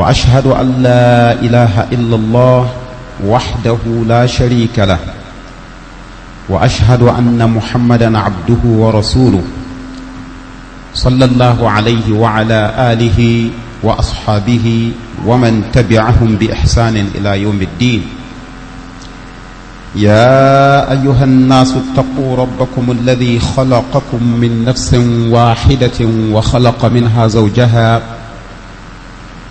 وأشهد أن لا إله إلا الله وحده لا شريك له وأشهد أن محمدا عبده ورسوله صلى الله عليه وعلى آله وأصحابه ومن تبعهم بإحسان إلى يوم الدين يا أيها الناس اتقوا ربكم الذي خلقكم من نفس واحدة وخلق منها زوجها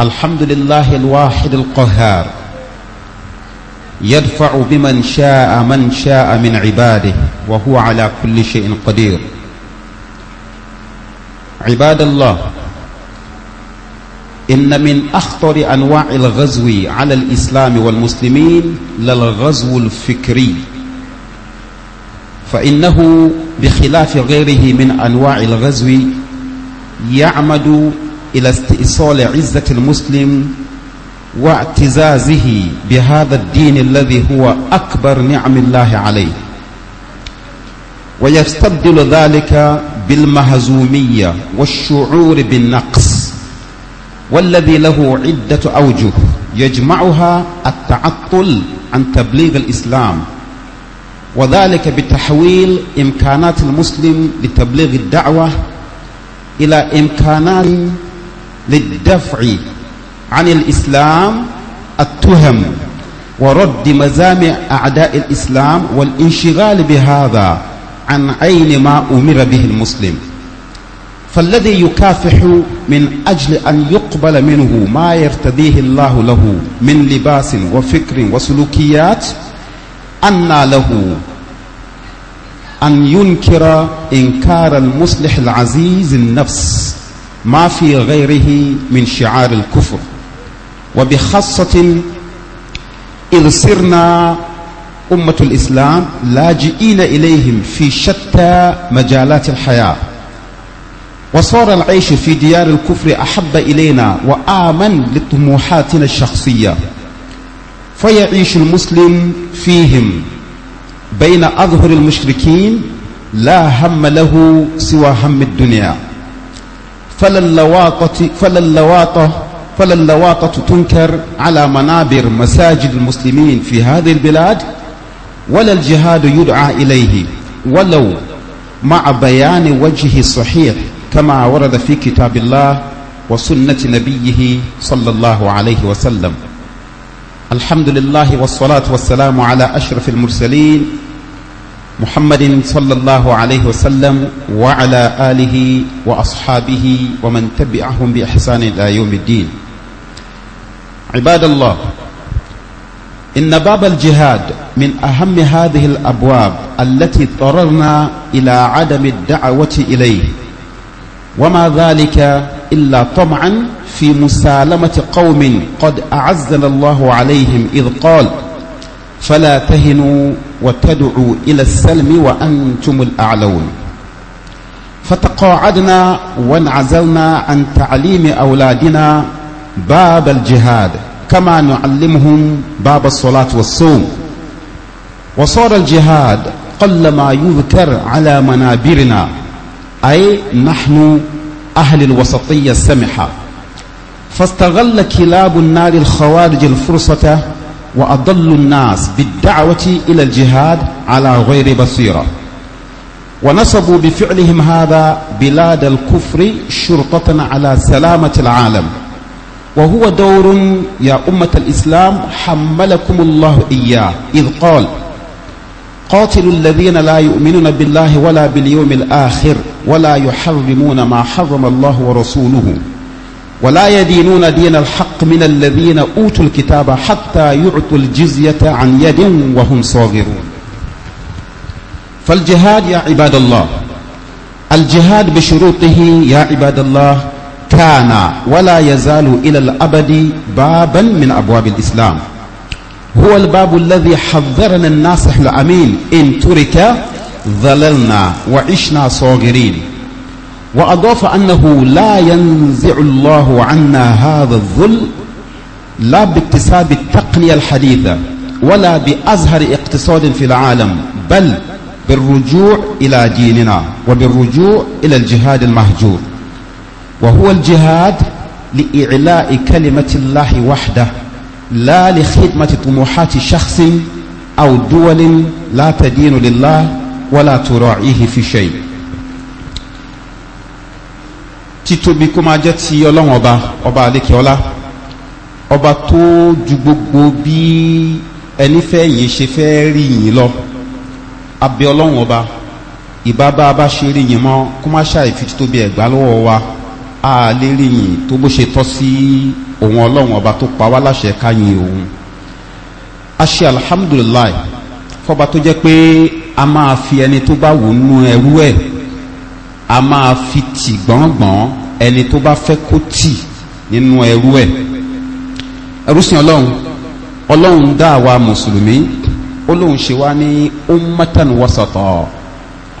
الحمد لله الواحد القهار يدفع بمن شاء من شاء من عباده وهو على كل شيء قدير عباد الله إن من أخطر أنواع الغزو على الإسلام والمسلمين للغزو الفكري فإنه بخلاف غيره من أنواع الغزو يعمد إلى استئصال عزة المسلم واعتزازه بهذا الدين الذي هو أكبر نعم الله عليه ويستبدل ذلك بالمهزومية والشعور بالنقص والذي له عدة أوجه يجمعها التعطل عن تبليغ الإسلام وذلك بتحويل إمكانات المسلم لتبليغ الدعوة إلى إمكانات للدفع عن الإسلام التهم ورد مزامع أعداء الإسلام والانشغال بهذا عن عين ما أمر به المسلم فالذي يكافح من أجل أن يقبل منه ما يرتديه الله له من لباس وفكر وسلوكيات أن له أن ينكر إنكار المصلح العزيز النفس ما في غيره من شعار الكفر وبخاصة إذ صرنا أمة الإسلام لاجئين إليهم في شتى مجالات الحياة وصار العيش في ديار الكفر أحب إلينا وآمن لطموحاتنا الشخصية فيعيش المسلم فيهم بين أظهر المشركين لا هم له سوى هم الدنيا فلا اللواطة فلا اللواطة فلا اللواطة تنكر على منابر مساجد المسلمين في هذه البلاد ولا الجهاد يدعى إليه ولو مع بيان وجهه الصحيح كما ورد في كتاب الله وسنة نبيه صلى الله عليه وسلم الحمد لله والصلاة والسلام على أشرف المرسلين محمد صلى الله عليه وسلم وعلى آله وأصحابه ومن تبعهم بإحسان إلى يوم الدين عباد الله إن باب الجهاد من أهم هذه الأبواب التي اضطررنا إلى عدم الدعوة إليه وما ذلك إلا طمعا في مسالمة قوم قد أعزنا الله عليهم إذ قال فلا تهنوا وتدعو إلى السلم وأنتم الأعلون فتقاعدنا وانعزلنا عن تعليم أولادنا باب الجهاد كما نعلمهم باب الصلاة والصوم وصار الجهاد قل ما يذكر على منابرنا أي نحن أهل الوسطية السمحة فاستغل كلاب النار الخوارج الفرصة وأضل الناس بالدعوة إلى الجهاد على غير بصيرة ونصبوا بفعلهم هذا بلاد الكفر شرطة على سلامة العالم وهو دور يا أمة الإسلام حملكم الله إياه إذ قال قاتلوا الذين لا يؤمنون بالله ولا باليوم الآخر ولا يحرمون ما حرم الله ورسوله ولا يدينون دين الحق من الذين أوتوا الكتاب حتى يعطوا الجزية عن يد وهم صاغرون فالجهاد يا عباد الله الجهاد بشروطه يا عباد الله كان ولا يزال إلى الأبد بابا من أبواب الإسلام هو الباب الذي حذرنا الناصح الأمين إن ترك ظللنا وعشنا صاغرين وأضاف أنه لا ينزع الله عنا هذا الظل لا باكتساب التقنية الحديثة ولا بأزهر اقتصاد في العالم بل بالرجوع إلى ديننا وبالرجوع إلى الجهاد المهجور وهو الجهاد لإعلاء كلمة الله وحده لا لخدمة طموحات شخص أو دول لا تدين لله ولا تراعيه في شيء títóbi kó máa jẹ́ ti ọlọ́run ọba ọba adékeọlá ọba tó ju gbogbo bí ẹni fẹ́ yìí ṣe fẹ́ rí yìí lọ abẹ ọlọ́run ọba ìbá bá a bá ṣe rí yìí mọ́ kó má ṣàì fi títóbi ẹ̀gbá lọ́wọ́ wa a lè rí yìí tó bó ṣe tọ́ sí òun ọlọ́run ọba tó pa wá láṣẹ ká yin òun a ṣe alihamudulilayi fọba tó jẹ́ pé a máa fi ẹni tó bá wò nínú ẹrú ẹ̀ a máa fi tì gbọ̀ngbọ̀n ẹni tó bá fẹ́ kó tì nínú ẹrú ẹ̀ ẹrúsìn ọlọ́run ọlọ́run dá àwa mùsùlùmí ó lóun ṣe wá ní ummatan wasatọ̀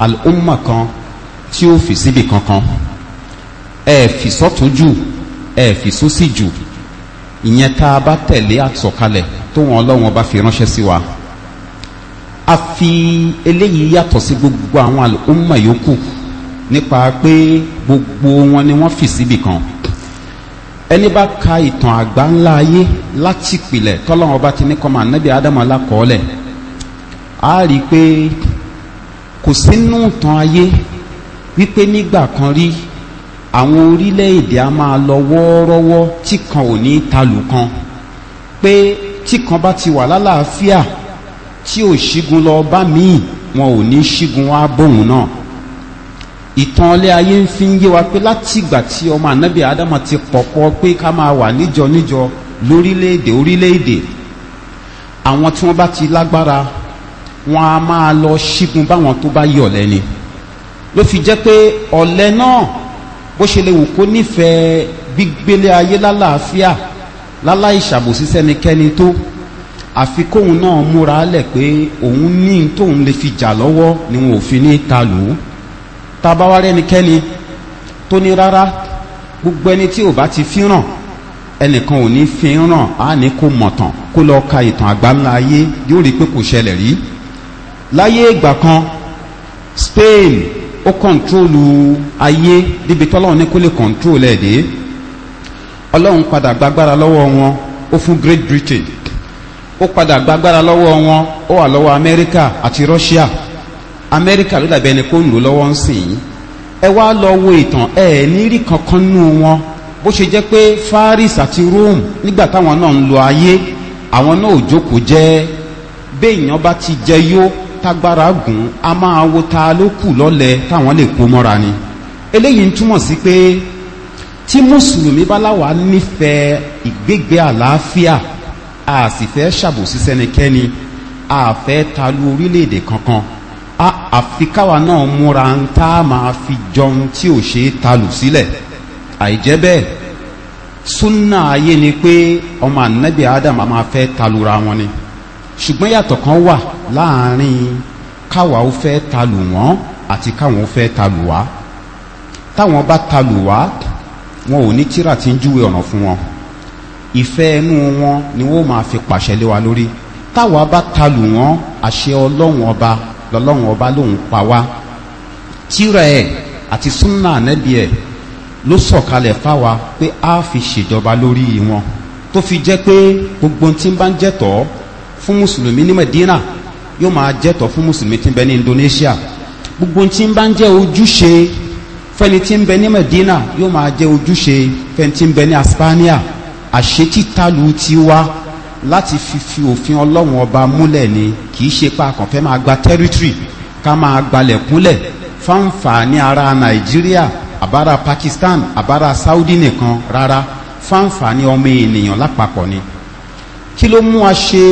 al'umma kan tí ó fi síbi kankan ẹ fi sọ́tún jù ẹ fi sósì jù ìyẹn tá a bá tẹ̀lé àtọ̀kalẹ̀ tó wọn ọlọ́run ọba fi ránṣẹ́ sí wa a fi eléyìí yàtọ̀ sí gbogbo àwọn al'umma yòókù nípa pé gbogbo wọn ni wọ́n fì síbì kan ẹni bá ka ìtàn àgbá ńlá ayé láti pìlẹ̀ tọ́lọ́wọ́n bá ti ní kọ́mọ ànábì ádámù alákọ̀ọ́lẹ̀ á rí i pé kò sínú ìtàn ayé wípé nígbà kan rí àwọn orílẹ̀-èdè a máa lọ wọ́ọ́rọ́wọ́ tí kan ò ní talù kan pé tí kan bá ti wà lálàáfíà tí ò ṣígun lọ bá míì wọn ò ní ṣígun wá bóun náà ìtàn ọlẹ́ ayé ń fi ń yé wa pé láti ìgbà tí ọmọ ànábì adama ti pọ̀pọ̀ pé ká máa wà níjọ níjọ lórílẹ̀-èdè orílẹ̀-èdè àwọn tí wọ́n bá ti lágbára wọn a máa lọ ṣígun báwọn tó bá yí ọ̀lẹ́ ni ló fi jẹ́ pé ọ̀lẹ́ náà bó ṣe lè wù kó nífẹ̀ẹ́ gbígbélé ayé lálàáfíà láláì ṣàbòsí sẹ́nikẹ́ni tó àfi kóun náà múra lẹ̀ pé òun ní tóun lè fi jà lọ́wọ́ ni wọn ò fi ní ta lù ú tàbáwá rẹ́nikẹ́ni tó ní rárá gbogbo ẹni tí ò bá ti fíràn ẹnìkan ò ní fíràn á ní kó mọ̀tàn kó lọ ka ìtàn àgbáńlá ayé yóò rí pé kò ṣẹlẹ̀ rí láyé ìgbà kan Spain ó kọ̀ǹtrólù ayé débi tọ́lọ́run ní kó lè kọ̀ǹtrólù ẹ̀ dé ọlọ́run padà gbàgbára lọ́wọ́ wọn ó fún Great Britain ó padà gbàgbára lọ́wọ́ wọn ó wà lọ́wọ́ America àti Russia amẹ́ríkà ló dàbí ẹni kó ń lò lọ́wọ́ ń sìn yín ẹ wá lọ wo ìtàn ẹ ní rí kankan nú wọn bó ṣe jẹ́ pé faris àti rome nígbà táwọn náà ń lo ayé àwọn náà ò jókòó jẹ́ béèyàn bá ti jẹ yó tágbára gùn a máa wo ta ló kù lọ́lẹ̀ táwọn lè kó mọ́ra ni eléyìí ń túmọ̀ sí pé tí mùsùlùmí bá láwàá nífẹ̀ẹ́ ìgbégbé àlàáfíà a sì fẹ́ ṣàbòsí sẹ́nikẹ́ni a fẹ́ orílẹ̀-èdè kankan àfikáwa náà múra ń tá a máa fi jọun tí ò ṣe é talù sílẹ̀ àìjẹ́ bẹ́ẹ̀ súnà ayé ni pé ọmọ ànábì adam a máa fẹ́ talura wọn ni ṣùgbọ́n yàtọ̀ kan wà láàrin káwa ó fẹ́ talù wọ́n àti káwọn ó fẹ́ talù wá táwọn bá talù wá wọn ò ní tíra tí ń júwe ọ̀nà fún wọn ìfẹ́ ẹnu wọn ni wọ́n máa fi pàṣẹ lé wa lórí táwa bá talù wọ́n àṣẹ ọlọ́run ọba lọ́lọ́run ọba lòun pa wá tíra ẹ̀ àti súnà ànẹ́bí ẹ̀ ló sọ̀kalẹ̀ fáwa pé a fi ṣèjọba lórí wọn tó fi jẹ́ pé gbogbo tí ń bá ń jẹ́tọ̀ fún mùsùlùmí ní medina yóò máa jẹ́tọ̀ fún mùsùlùmí tí ń bẹ ní indonesia gbogbo tí ń bá ń jẹ́ ojúṣe fẹ́ni tí ń bẹ ní medina yóò máa jẹ́ ojúṣe fẹ́ni tí ń bẹ ní aspania àṣetítalu tiwa láti fi fi òfin ọlọ́run ọba múlẹ̀ ni kì í ṣe pa àkànfẹ́ máa gba tẹ́rítírì ká máa gbalẹ̀ kúnlẹ̀ fáǹfààní ara nàìjíríà àbára pakistan àbára saudi nìkan rárá fáǹfààní ọmọ ènìyàn lápapọ̀ ni kí ló mú a ṣe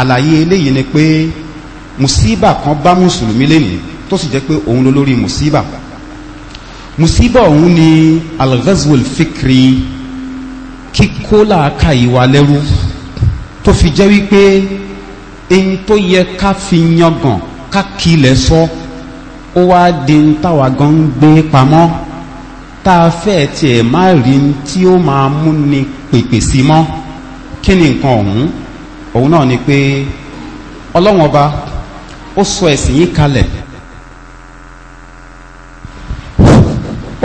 àlàyé eléyìí ni pé mùsíbà kan bá mùsùlùmí lénìí tó sì jẹ́ pé òun ló lórí mùsíbà mùsíbà òun ni alghazwal fikri kíkó làákàyè wa lẹ́rú tó fi jẹ́ wípé eyín tó yẹ ká fi yangàn ká kilẹ̀ sọ ó wá di ń táwa gan ń gbé pamọ́ tá a fẹ́ tiẹ̀ má rí tí ó máa mú ni pèpè sí mọ́ kí ni nǹkan ọ̀hún òun náà ni pé ọlọ́wọ́n ọba ó sọ ẹ̀sìn yìí kalẹ̀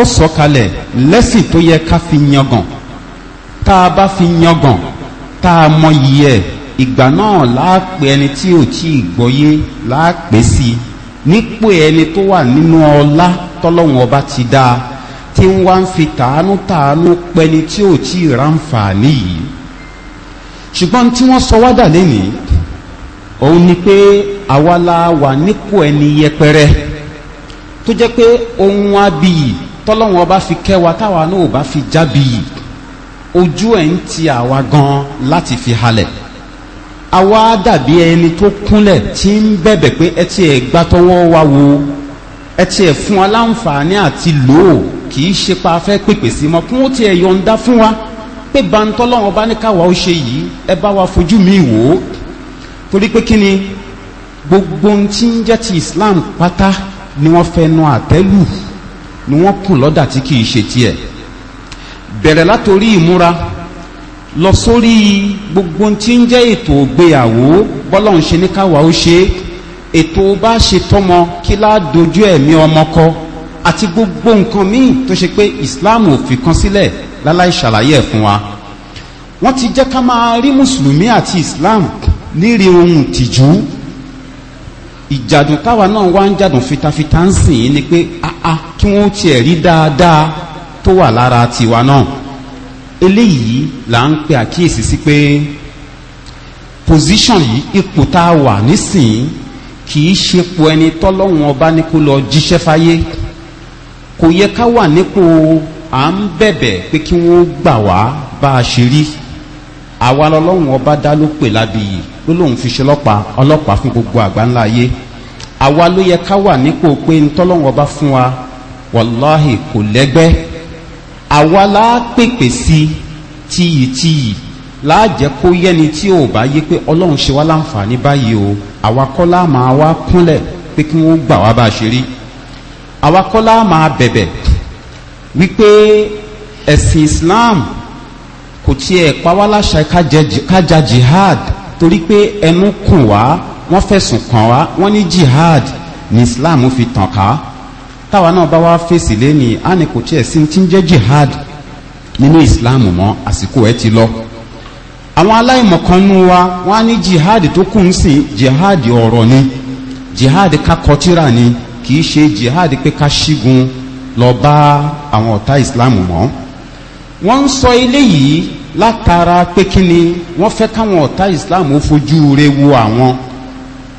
ó sọ kalẹ̀ lẹ́sìn tó yẹ ká fi yangàn tá a bá fi yangàn tá a mọ yìí ẹ̀ ìgbà náà láàpẹ ẹni tí ò tí ìgbọ́yé láàpẹ sí nípò ẹni tó wà nínú ọlá tọ́lọ́wọ́n ọba ti dá tí ń wá ń fi tàánú tàánú pẹni tí ò tí ìránfààní yìí ṣùgbọ́n tí wọ́n sọ wádà lénìí òun ni pé àwala wà nípò ẹni yẹpẹrẹ tó jẹ́ pé ohun abiyì tọ́lọ́wọ́n ọba fi kẹwa táwa náà ò bá fi jábiyì ojú ẹ̀ ń ti àwa gan láti fi halẹ̀ àwa dàbí ẹni tó kúnlẹ̀ tí ń bẹ̀bẹ̀ pé ẹ ti ẹ̀ gbá tọwọ́ wa wo ẹ ti ẹ̀ fún wa láǹfààní àti lò ó kì í ṣe pa afẹ́ pèpè sí mọ́ kún ó ti ẹ̀ yọ̀ǹda fún wa pé bantọ́lọ́wọ́n bá ní káwa ó ṣe yìí ẹ bá wa fojú mi wò ó torí pé kí ni gbogbo ohun tí ń jẹ́ ti Islam pátá ni wọ́n fẹnu àtẹ́lù ni wọ́n kùn lọ́dà tí kì í ṣe tiẹ̀ bẹ̀rẹ̀ látorí ìmúra lọ sórí gbogbo tí ń jẹ́ ètò ògbéyàwó bọ́lọ́hún ṣe ní káwa ó ṣe ètò bá ṣe tọmọ kí ládojú ẹ̀mí ọmọ kọ àti gbogbo nǹkan míì tó ṣe pé islam ò fi kan sílẹ̀ láláì ṣàlàyé ẹ̀ fún wa wọ́n ti jẹ́ ká máa rí mùsùlùmí àti islam níri ohun tìjú ìjàdùn táwa náà wá ń jàdùn fitafita ń sìn ní pé kí wọ́n tiẹ̀ rí dáadáa tó wà lára tiwa náà eléyìí là ń pe àkíyèsí sí pé position yìí ipò tá a wà nísìnyí kì í ṣepò ẹni tọ́lọ́wọ́n ọba ní kó lọ jíṣẹ́ fáyé kò yẹ ká wà nípò à ń bẹ̀bẹ̀ pé kí wọ́n gbà wá bá a ṣe rí àwa lọ́lọ́wọ́n ọba dá ló pè lábìyì ló lóun fi ṣe ọlọ́pàá ọlọ́pàá fún gbogbo àgbáńlá ayé àwa ló yẹ ká wà nípò pé ntọ́lọ́wọ́n ọba fún wa wàláhì kò lẹ́gbẹ́ àwa láàpèpè sí tíyì tíyì láàjẹ́ kó yẹ́ni tí ò bá yé pé ọlọ́run ṣe wá láǹfààní báyìí o àwa kọ́lá máa wá kúnlẹ̀ pé kí wọ́n gbà wá bá a ṣe rí àwa máa bẹ̀bẹ̀ wípé ẹ̀sìn islam kò tiẹ̀ pa wá láṣà kájà jihad torí pé ẹnu kùn wá wọ́n fẹ̀sùn kàn wá wọ́n ní jihad ní islam fi tàn ká. táwa náà bá wá fèsì lẹ́nìí á ní kò tiẹ̀ sí ti ń jẹ́ jihad nínú ìsìláàmù mọ́ àsìkò ẹ ti lọ àwọn aláìmọ̀kan nú wa wọ́n á ní jihad tó kù ń jihad ọ̀rọ̀ ni jihad kakọtíra ni kì í ṣe jihad pé ká ṣígun lọ bá àwọn ọ̀tá ìsìláàmù mọ́ sọ ilé yìí látara pé kí ni wọ́n fẹ́ káwọn ọ̀tá ìsìláàmù ó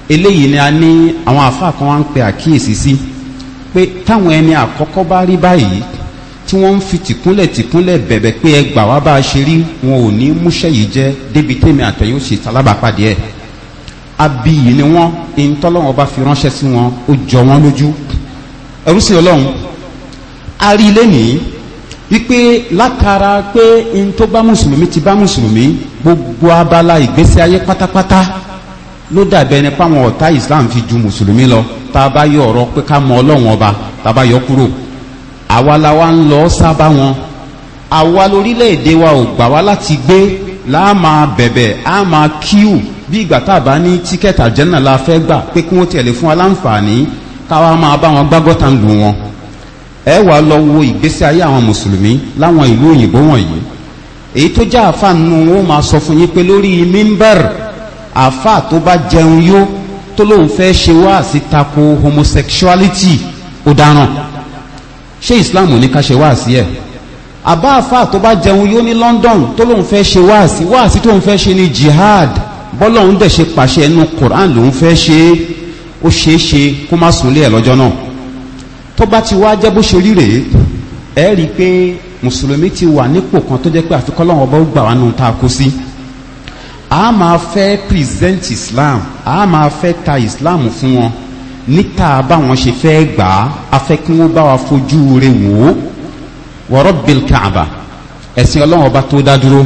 ni a ní àwọn àfáà pé táwọn ẹni àkọ́kọ́ bá rí báyìí tí wọ́n ń fi tìkúnlẹ̀ tìkúnlẹ̀ bẹ̀bẹ̀ pé ẹ gbà wá bá a ṣe rí wọn ò ní múṣẹ́ yìí jẹ́ débi tèmi àtẹ̀yìn ó ṣe talábàápàdé ẹ̀ abiyì ni wọ́n ìntọ́lọ́wọ́n bá fi ránṣẹ́ sí wọn ó jọ wọ́n lójú ẹrú sí ọlọ́run a rí ilé nìyí wípé látara pé n bá mùsùlùmí ti bá mùsùlùmí gbogbo abala ìgbésí ayé pátápátá ló dàbẹ̀ ni páwọn ọ̀tá islam fi ju mùsùlùmí lọ tá a bá yọ ọ̀rọ̀ pé ká mọ ọlọ́run ọba tá a bá yọ kúrò àwa la wa ń lọ sábà wọn àwa lórílẹ̀‐èdè wa ò gbà wá láti gbé láà máa bẹ̀bẹ̀ á máa kíù bí ìgbà tá a bá ní tíkẹ́tì àjẹ́nà la fẹ́ gbà pé kí wọ́n tẹ̀lé fún aláǹfààní káwa máa bá wọn gbágọ́ta ń lu wọn ẹ wàá lọ wo ìgbésí ayé àwọn mùsùlùmí láwọn ìlú òyìnbó wọ̀nyí èyí tó jẹ́ àfààní wọn máa sọ fún yín pé lórí mímbẹ́rì àfà tó bá jẹun yó tó lóun fẹ́ ṣe wá sí tako homosexuality ọ̀daràn ṣé islam ní ká ṣe wá sí ẹ̀ àbá àfà tó bá jẹun yó ní London tó lóun fẹ́ ṣe wá sí wá sí tóun fẹ́ ṣe ní jihad bọ́lọ́hún dẹ̀ ṣe pàṣẹ ẹnu Quran lòun fẹ́ ṣe ó ṣeé ṣe kó má sùn lé ẹ̀ lọ́jọ́ náà tó bá ti wá jẹ́ bó ṣe rí rèé ẹ rí i pé mùsùlùmí ti wà nípò kan tó jẹ́ pé àfikọ́ bá gbà wá nù tá a kó sí. Si a máa fẹ́ present islam a máa fẹ́ ta islam fún wọn níta báwọn ṣe fẹ́ gbà á a fẹ́ kí wọ́n bá wa fojú rẹ̀ wò ó wọ́rọ́ bil kaaba ẹ̀sìn ọlọ́run ọba tó dá dúró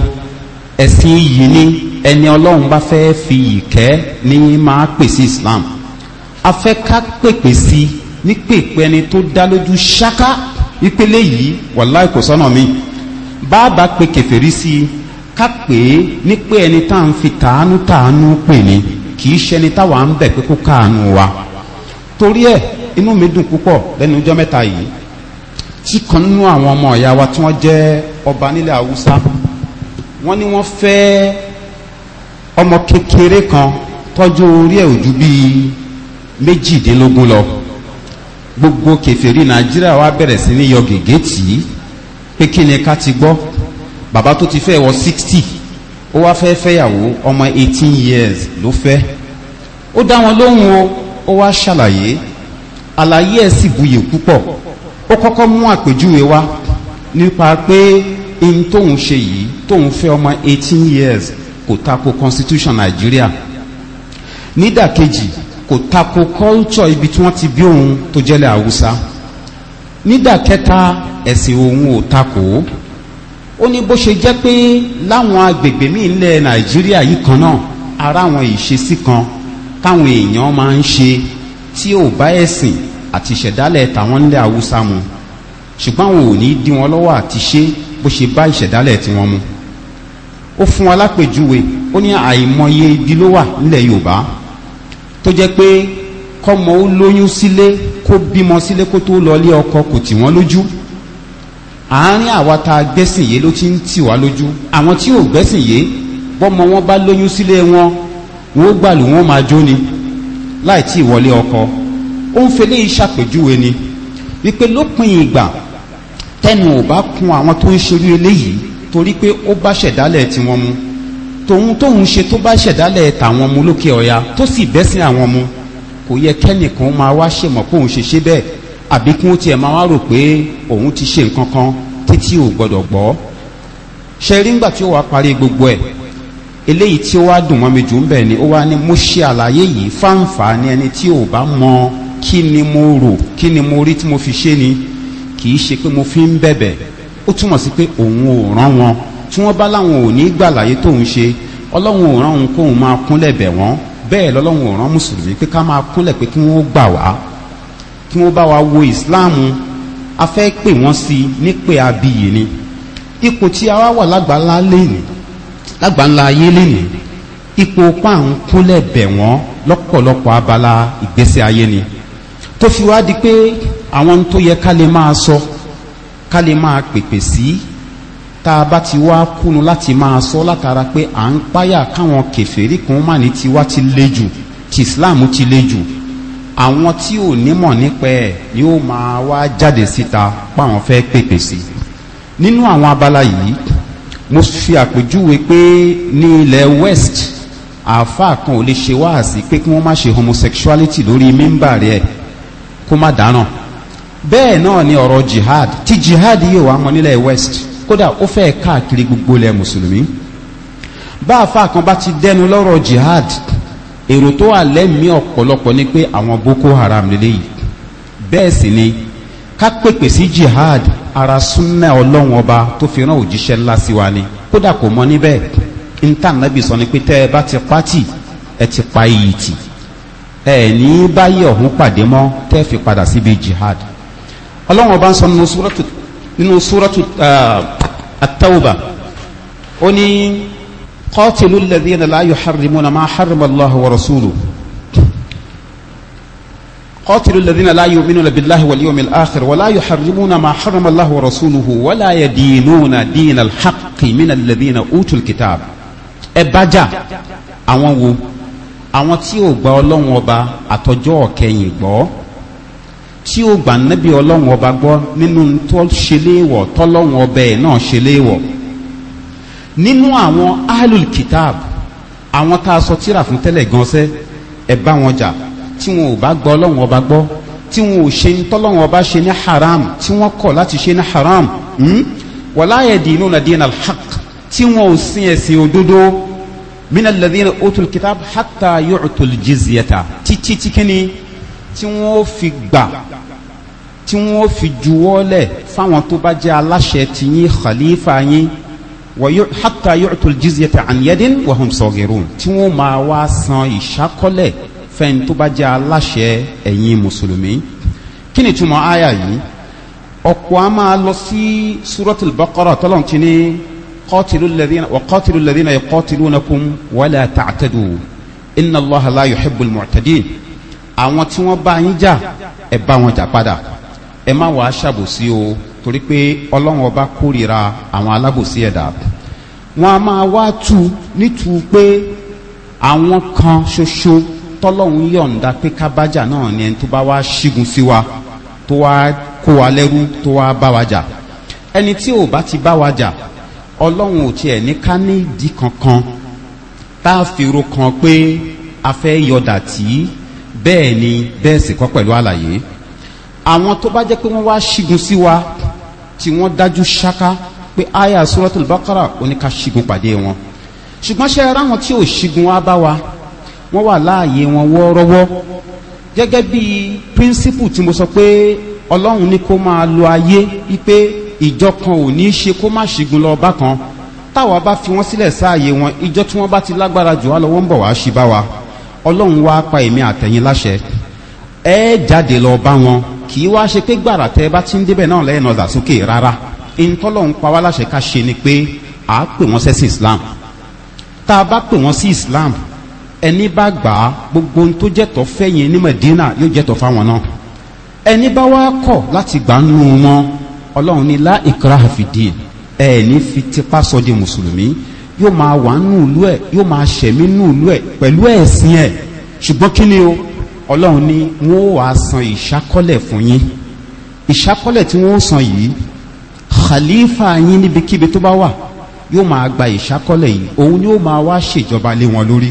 ẹ̀sìn yìí ni ẹni ọlọ́run bá fẹ́ fi ìkẹ́ ní máa pè sí islam a fẹ́ ká pèpè sí ní pèpè ẹni tó dá lójú ṣáká ìpele yìí wàláì kò sọ́nà mi bá a bá pe kẹfẹ́rí sí i ká pè é ní pé ẹni tá à ń fi tàánú tàánú pè ní kì í ṣẹni táwa ń bẹ̀ pé kó káàánú wa torí ẹ̀ inú mi dùn púpọ̀ lẹ́nu ọjọ́ mẹ́ta yìí tí kan nínú àwọn ọmọ ọ̀yá wa tí wọ́n jẹ́ ọba nílẹ̀ haúsá wọ́n ní wọ́n fẹ́ ọmọ kékeré kan tọ́jú orí ẹ̀ ojú bíi méjìdínlógún lọ gbogbo kẹfẹ́rí nàìjíríà wa bẹ̀rẹ̀ sí ní yọ gègé tì í pé kí ni ká ti gbọ́ bàbá tó ti fẹ́ wọ sixty ó wá fẹ́ fẹ́yàwó ọmọ eighteen years ló fẹ́ ó dá wọn lóhùn o ó wá ṣàlàyé àlàyé ẹ̀ sì buyè púpọ̀ ó kọ́kọ́ mú àpèjúwe wá nípa pé in tóun ṣe yìí tóun fẹ́ ọmọ eighteen years kò tako constitution Nigeria nídàkejì kò tako culture ibi tí wọ́n ti bí òun tó jẹ́lẹ̀ haúsá nídàkẹta ẹ̀sìn òun ò tako ó ní bó ṣe jẹ́ pé láwọn agbègbè míì ńlẹ̀ nàìjíríà yìí kan náà ara àwọn ìṣesí kan táwọn èèyàn máa ń ṣe tí ò bá ẹ̀sìn àti ìṣẹ̀dálẹ̀ tàwọn ńlẹ̀ haúsá mu ṣùgbọ́n àwọn ò ní dí wọn lọ́wọ́ àti ṣe bó ṣe bá ìṣẹ̀dálẹ̀ tiwọn mu ó fún wa lápèjúwe ó ní àìmọye ibi ló wà nílẹ̀ yorùbá tó jẹ́ pé kọ́mọ ó lóyún sílé kó bímọ sílé kó tó lọ lé ọkọ kò tì wọ́n lójú àárín àwa ta gbẹ́sìn yé ló ti ń tì wá lójú àwọn tí ò gbẹ́sìn yé bọ́mọ wọn bá lóyún sílé wọn wọn ó gbàlù wọn máa jó ni láì tí ìwọlé ọkọ ó ń fẹlẹ́ ìṣàpèjúwe ni wípé lópin ìgbà tẹnu ò bá kun àwọn tó ń ṣerú eléyìí torí pé ó bá ṣẹ̀dálẹ̀ tiwọn mu tòun tóun ṣe tó bá ṣẹ̀dálẹ̀ tàwọn mu lókè ọ̀ya tó sì bẹ́sìn àwọn mu kò yẹ kẹ́nìkan máa wá ṣèmọ̀ kóun ṣe ṣe bẹ́ẹ̀ àbí kí wọ́n tiẹ̀ máa wá rò pé òun ti ṣe nǹkan kan títí ò gbọ́dọ̀ gbọ́ ṣe rí ńgbà tí ó wàá parí gbogbo ẹ̀ eléyìí tí ó wá dùn mọ́ mi jù ń bẹ̀ ni ó wá ní mo ṣe àlàyé yìí fáǹfà ni ẹni tí ò bá mọ kí ni mo rò kí ni mo rí tí mo fi ṣe ni kì í ṣe pé mo fi ń bẹ̀bẹ̀ ó túmọ̀ sí pé òun ò rán wọn tí wọ́n bá láwọn ò ní gbàlàyé tóun ṣe ọlọ́run ò rán òun kóun máa kúnlẹ̀ bẹ̀ wọ́n bẹ́ẹ̀ lọ́lọ́run ò rán mùsùlùmí pé ká máa kúnlẹ̀ pé kí wọ́n gbà wá kí wọ́n bá wa wo islam a fẹ́ pè wọ́n sí nípè abiyì ni ipò tí a wá wà lágbàńlá lénìí lágbàńlá ayé lénìí ipò pa àwọn kúnlẹ̀ bẹ̀ wọ́n lọ́pọ̀lọpọ̀ abala ìgbésí ayé ni tó fi wá di pé àwọn tó yẹ ká lè máa sọ ká lè máa pèpè sí tá a bá ti wá kúnu láti máa sọ látara pé à ń páyà káwọn kèfèrí kan má ní tiwa ti le jù ti islam ti le jù àwọn tí ò nímọ̀ nípa ẹ̀ ni ó máa wá jáde síta páwọn fẹ́ pèpè sí nínú àwọn abala yìí mo fi àpèjúwe pé ní ilẹ̀ west àáfàá kan ò lè ṣe wáàsí pé kí wọ́n má ṣe homosexuality lórí mímbà rẹ̀ kó má dáràn bẹ́ẹ̀ náà ni ọ̀rọ̀ jihad tí jihad yìí wà mọ́ nílẹ̀ west kódà ó fẹ́ káàkiri gbogbo ilẹ̀ mùsùlùmí bá àáfàá kan bá ti dẹnu lọ́rọ̀ jihad èrò tó wà lẹ́mí ọ̀pọ̀lọpọ̀ ni pé àwọn boko haram lélẹ́yìí bẹ́ẹ̀ sì ni ká pèpè sí jihad ara súnà ọlọ́run ọba tó fi rán òjíṣẹ́ ńlá sí wa ni kódà kò mọ níbẹ̀ níta nàbì sọ ni pé tẹ́ ẹ bá ti pátì ẹ ti pa iyì tì ẹ ní báyìí ọ̀hún pàdé mọ́ tẹ́ fi padà síbi jihad ọlọ́run ọba ń sọ nínú súrọ́tù nínú súrọ́tù àtàwùbà ah, ó ní. قاتلوا الذين لا يحرمون ما حرم الله ورسوله قاتلوا الذين لا يؤمنون بالله واليوم الآخر ولا يحرمون ما حرم الله ورسوله ولا يدينون دين الحق من الذين أوتوا الكتاب أبجا àwọn wo àwọn tí ò gba ọlọ́run ọba àtọjọ́ ọ̀kẹyìn gbọ́ tí ò gbà nẹ́bí ọlọ́run ọba gbọ́ nínú tó ṣe léèwọ̀ tọ́lọ́run ọba náà ṣe léèwọ̀ nínú àwọn ahlul kitab àwọn tá a sọ tíra fún tẹ́lẹ̀ gan sẹ́ ẹ bá wọn jà tí wọn ò bá gbọ́ ọlọ́run ọba gbọ́ tí wọn ò ṣe ń tọ́lọ́run ọba ṣe ní haram tí wọ́n kọ̀ láti ṣe ní haram hmm? wala yadinuna din al-haq tí wọn ò sin ẹ̀sìn òdodo min alladhina utul kitab hatta yu'tul jizyata títí tí kíni tí wọn ò fi gbà tí wọn ò fi juwọ́lẹ̀ fáwọn tó bá jẹ́ aláṣẹ tiyín khalifa yín hatta yu'tul jizyata an yadin wa hum saghirun tí wọ́n máa wá san ìṣákọ́lẹ̀ fẹ́ni tó bá jẹ́ aláṣẹ ẹ̀yin mùsùlùmí kí ni túmọ̀ àyà yìí ọ̀pọ̀ a máa lọ sí suratul baqara tọ́lọ́n ti ní qatilul ladhina wa qatilul ladhina yuqatilunakum wa la ta'tadu inna allaha la yuhibbul mu'tadin àwọn tí wọ́n bá yín jà ẹ bá wọn jà padà ẹ má wàá ṣàbòsí o torí pé ọlọ́run ọba kórìíra àwọn alábòsí ẹ̀dá wọn a máa wá tu nítu pé àwọn kan ṣoṣo tọ́lọ́run yọ̀ǹda pé kábájà náà ni ẹni tó bá wá ṣígun sí wa tó wá kó wa lẹ́rú tó wá bá wa jà ẹni tí ò bá ti bá wa jà ọlọ́run ò tiẹ̀ ní ká ní ìdí kankan tá a fi ro kan pé a fẹ́ yọ̀dà tí bẹ́ẹ̀ ni bẹ́ẹ̀ sì kọ́ pẹ̀lú àlàyé àwọn tó bá jẹ́ pé wọ́n wá ṣígun sí wa tí wọ́n dájú ṣáká pé aya suratul baqara oníka ṣígun pàdé wọn ṣùgbọ́n ṣe ara wọn tí ò ṣígun wá bá wa wọ́n wà láàyè wọn wọ́ọ́rọ́wọ́ gẹ́gẹ́ bí píríncípù tí mo sọ pé ọlọ́run ní kó máa lo ayé wípé ìjọ kan ò ní ṣe kó má ṣígun lọ bá kan táwa bá fi wọ́n sílẹ̀ sáàyè wọn ìjọ tí wọ́n bá ti lágbára jù wá lọ wọ́n bọ̀ wá ṣì bá wa ọlọ́run wá pa èmi àtẹ̀yìn láṣẹ ẹ jáde lọ bá wọn kì í wá ṣe pé gbàrà tẹ bá ti ń débẹ̀ náà lẹ́yìn ọ̀dà sókè rárá ìtọ́lọ́hún pa wá láṣẹ ká ṣe ni pé à á pè wọ́n sẹ́sìn islam tá a bá pè wọ́n sí islam ẹni bá gbà á gbogbo ohun tó jẹ́tọ̀ fẹ́yìn ní medina yóò jẹ́tọ̀ fáwọn náà ẹni bá wá kọ̀ láti gbà ń nu wọn ọlọ́run ní lá ìkra àfìdí ẹ̀ ní fi tipa sọ di mùsùlùmí yóò máa wà nù ìlú ẹ̀ yóò máa ṣẹ̀mí nù ìlú ẹ̀ pẹ̀lú ẹ̀sìn ẹ̀ ṣùgbọ́n kí ni o ọlọ́run ní wọ́n wà san ìṣákọ́lẹ̀ fún yín ìṣákọ́lẹ̀ tí wọ́n san yìí khalifa yín níbikíbi tó bá wà yóò máa gba ìṣákọ́lẹ̀ yìí òun ni ó máa wá ṣèjọba lé wọn lórí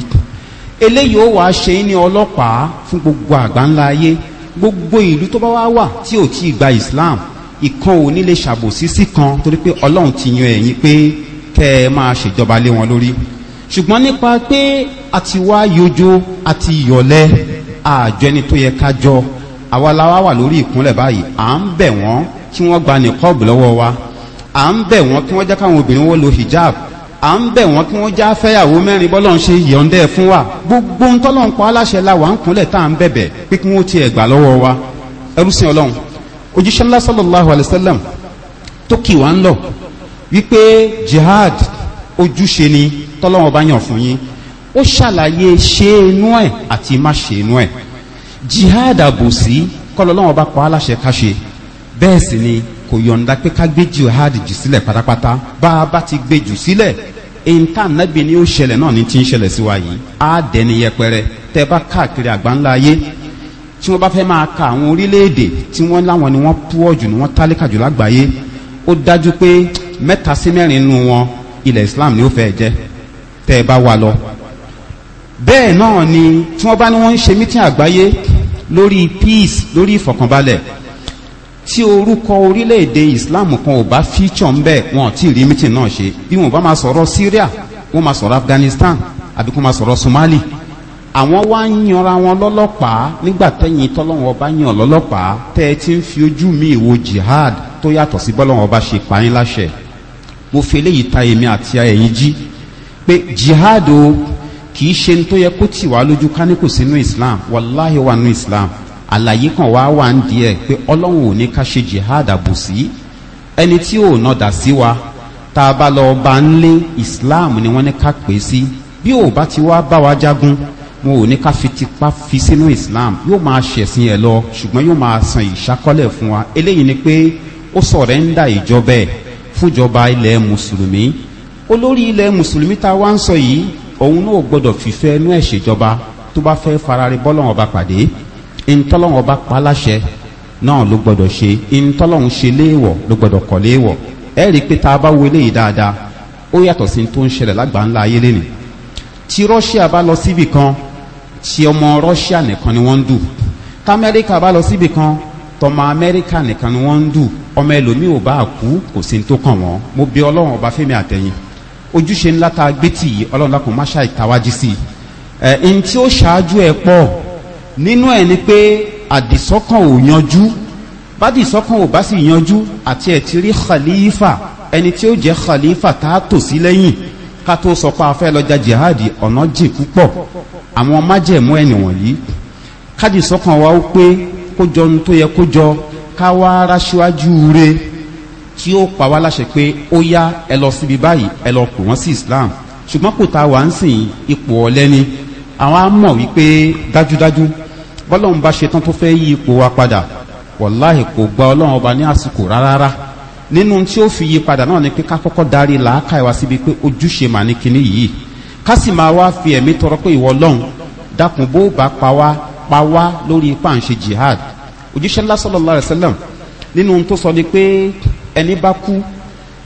eléyìí ó wàá ṣe ní ọlọ́pàá fún gbogbo àgbáńlá ayé gbogbo ìlú tó bá wá wà tí ò tí ì gba islam ìkan ò ní lè ṣàbòsí sí kan torí pé ọlọ́run ti yan ẹ̀yìn pé kẹ́ ẹ máa ṣèjọba lé wọn lórí ṣùgbọ́n nípa pé àti wá yojo àti yọ̀lẹ́ àjọ ẹni tó yẹ ká jọ àwa la wá wà lórí ìkúnlẹ̀ báyìí à ń bẹ̀ wọ́n kí wọ́n gba nìkọ́ọ̀bù lọ́wọ́ wa à ń bẹ̀ wọ́n kí wọ́n jẹ́ káwọn obìnrin wọ́n lo hijab à ń bẹ̀ wọ́n kí wọ́n já fẹ́yàwó mẹ́rin bọ́lọ́n ṣe yọ̀ǹdẹ́ fún wa gbogbo ń tọ́lọ́ ń pa aláṣẹ la wà ń kúnlẹ̀ tá à ń bẹ̀bẹ̀ pé kí wọ́n tiẹ̀ gbà lọ́wọ́ wa ẹrú sin ọlọ́run ojúṣe ńlá sallallahu alayhi wa sallam tó kì wá ń lọ wípé jihad ojúṣe ni tọ́lọ́wọ́n bá yàn fún yín ó ṣàlàyé ṣe inú ẹ̀ àti má ṣe inú ẹ̀ jihad àbòsí kọlọ́lọ́wọ́ bá pa á láṣẹ ká ṣe bẹ́ẹ̀ sì ni kò yọ̀ǹda pé ká gbé jihad jù sílẹ̀ pátápátá bá a bá ti gbé jù sílẹ̀ nta nábì ni ó ṣẹlẹ̀ náà ní ti ń ṣẹlẹ̀ sí wa yìí á dẹni yẹpẹrẹ tẹ bá káàkiri àgbáńlá ayé tí wọ́n bá fẹ́ máa ka àwọn orílẹ̀-èdè tí wọ́n láwọn ni wọ́n púọ̀ jù ni wọ́n tálákà jù lágbàáyé ó dájú pé mẹ́ta sí mẹ́rin nínú wọn ilẹ̀ islam ni ó fẹ́ jẹ́ tẹ́ ẹ bá wà lọ bẹ́ẹ̀ náà ni tí wọ́n bá ní wọ́n ń ṣe mítìn àgbáyé lórí peace lórí ìfọ̀kànbalẹ̀ tí orúkọ orílẹ̀-èdè islam kan ò bá fíṣọ̀ ń bẹ̀ wọn ò tí rí mítìn náà ṣe bí wọn bá máa sọ̀rọ̀ syria wọn máa sọ̀rọ̀ afghanistan àbí kó máa sọ̀rọ̀ somali àwọn wá ń yanra wọn lọ́lọ́pàá nígbà tẹ́yìn tọ́lọ́wọ́n ọba yàn lọ́lọ́pàá tẹ́ ẹ ti ń fi ojú mi wo jihad tó yàtọ̀ sí bọ́lọ́wọ́n ọba ṣe pààyàn láṣẹ mo fi eléyìí ta èmi àti ẹ̀yìn jí pé jihad o kì í ṣe tó yẹ kó tì wá lójú káníkù sínú islam wàláhì wà nù islam àlàyé kan wá wà ń díẹ̀ pé ọlọ́run ò ní ká ṣe jihad àbòsí ẹni tí ò nọdà sí wa tá a bá lọ bá ń lé islam ni wọ́n ní ká pè sí bí ò bá ti wá bá wa jagun wọn ò ní ká fi tipa fi sínú islam yóò máa ṣẹ̀sìn ẹ̀ lọ ṣùgbọ́n yóò máa san ìṣàkọ́lẹ̀ fún wa eléyìí ni pé ó sọ̀rẹ́ńdà ìjọba ẹ̀ fúnjọba ilẹ̀ mùsùlùmí olórí ilẹ̀ mùsùlùmí tá wá ń sọ yìí òun náà gbọ́dọ̀ fìfẹ́ inú ẹ̀ ṣèjọba tó bá fẹ́ farare bọ́lọ́wọ́n bá pàdé ìntọ́lọ́wọ́n bá pa láṣẹ náà ló gbọ́dọ̀ ṣe ìntọ́lọ́wọ́n ṣe léèwọ̀ ló gbọ́dọ̀ kọ̀ léèwọ̀ ẹ rí i pé tá a bá wo eléyìí dáadáa ó yàtọ̀ sí tó ń ṣẹlẹ̀ lágbàńlá ayé lẹ́nu tí russia bá lọ síbì kan tí ọmọ russia nìkan ni wọ́n ń dù tamẹ́ríkà bá lọ síbì kan tọmọ amẹ́ríkà nìkan ni wọ́n ń dù ọmọ ẹlòmíì ò bá kú kò sí tó kàn wọ́n mo bí ọlọ́run ọba fẹ́mi àtẹ̀yìn ojúṣe ńlá ta gbé tì yìí ọlọ́run lákùn má ṣáà ìtawájú sí i ẹ̀ ẹni tí ó ṣáájú ẹ̀ pọ̀ nínú ẹ̀ ni pé àdìsọ́kàn ò yanjú bádìsọ́kàn ò bá sì yanjú àti ẹ̀ ti rí khalifa ẹni tí ó jẹ́ khalifa tá a tò sí lẹ́yìn ká tó sọ pé a fẹ́ lọ ja jihadi ọ̀nà jìn púpọ̀ àwọn májẹ̀mú ẹni wọ̀nyí kádìsọ́kàn wa ó pé kó jọ ohun tó yẹ kó jọ ká wá ara ṣíwájú re tí ó pa wá láṣẹ pé ó yá ẹ lọ síbi báyìí ẹ lọ pè wọ́n sí islam ṣùgbọ́n kò tá a wà ń sìn ipò ọ̀lẹ́ni àwọn á mọ̀ wípé dájúdájú bọ́lọ́run bá ṣetán tó fẹ́ yí ipò wa padà wàláhì kò gba ọlọ́run ọba ní àsìkò rárá nínú tí ó fi yí padà náà ni pé ká kọ́kọ́ darí làákàyè wá síbi pé ojúṣe mà ní kinní yìí ká sì máa wá fi ẹ̀mí tọrọ pé ìwọ ọlọ́run dákun bó bá pa wá pa wá lórí ipá à ń ṣe jihad ojúṣe ńlá sọlọ́lá rẹ̀ sẹ́lẹ̀m nínú tó sọ ni pé ẹni bá kú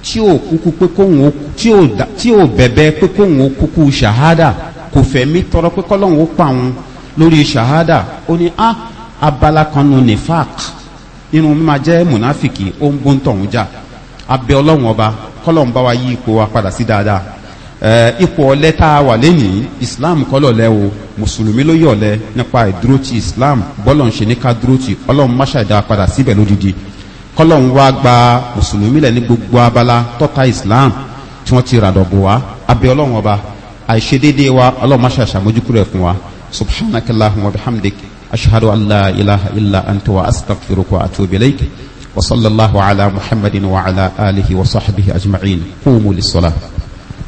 tí ò kúkú pé kóhùn ó tí ò tí ò bẹ̀bẹ̀ pé kóhùn ó kúkú ṣàhádà kò fẹ̀mí tọrọ pé kọ́lọ́hùn ó pa òun lórí ṣàhádà ó ní á ah, abala kan nu nifaq inú mímá jẹ́ mùnáfìkì ó ń bóńtọ̀ òun jà abẹ́ ọlọ́run ọba kọ́lọ́hùn bá wa yí ipò wa padà sí dáadáa ipò ọ̀lẹ tá a wà lẹ́nìí islam kọ́ lọ̀lẹ́ o mùsùlùmí ló yọ̀lẹ́ nípa ìdúró ti islam bọ́lọ̀ ń ṣe ní ká dúró ti ọlọ́run máṣàdá padà síbẹ̀ lódìdí kọ́lọ́hún wá gba mùsùlùmí lẹ̀ ní gbogbo abala tọ́ta islam tí wọ́n ti ràdọ̀bọ̀ wá abẹ́ ọlọ́run ọba àìṣedéédéé wa ọlọ́run máṣe àṣàmójúkúrò ẹ̀ fún wa subhanakallahumma wa bihamdik ashhadu an la ilaha illa anta wa astaghfiruka wa atubu ilayk wa ala muhammadin wa ala alihi wa sahbihi ajma'in qumu lis